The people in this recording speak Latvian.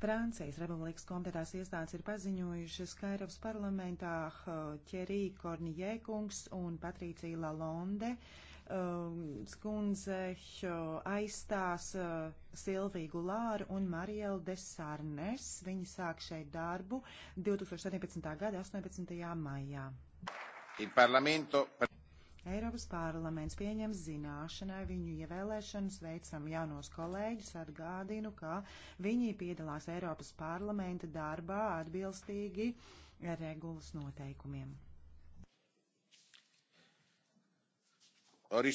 Francijas Republikas komitētās iestādes ir paziņojušas, ka Eiropas parlamentā eh, Thierry Kornijē kungs un Patricija Lalonde um, eh, skundze eh, aizstās uh, Silviju Gulāru un Marielu Desarnes. Viņi sāk šeit darbu 2017. gada 18. maijā. Il Parlamento... Eiropas parlaments pieņem zināšanai viņu ievēlēšanas, veicam jaunos kolēģus, atgādinu, ka viņi piedalās Eiropas parlamenta darbā atbilstīgi regulas noteikumiem. Arī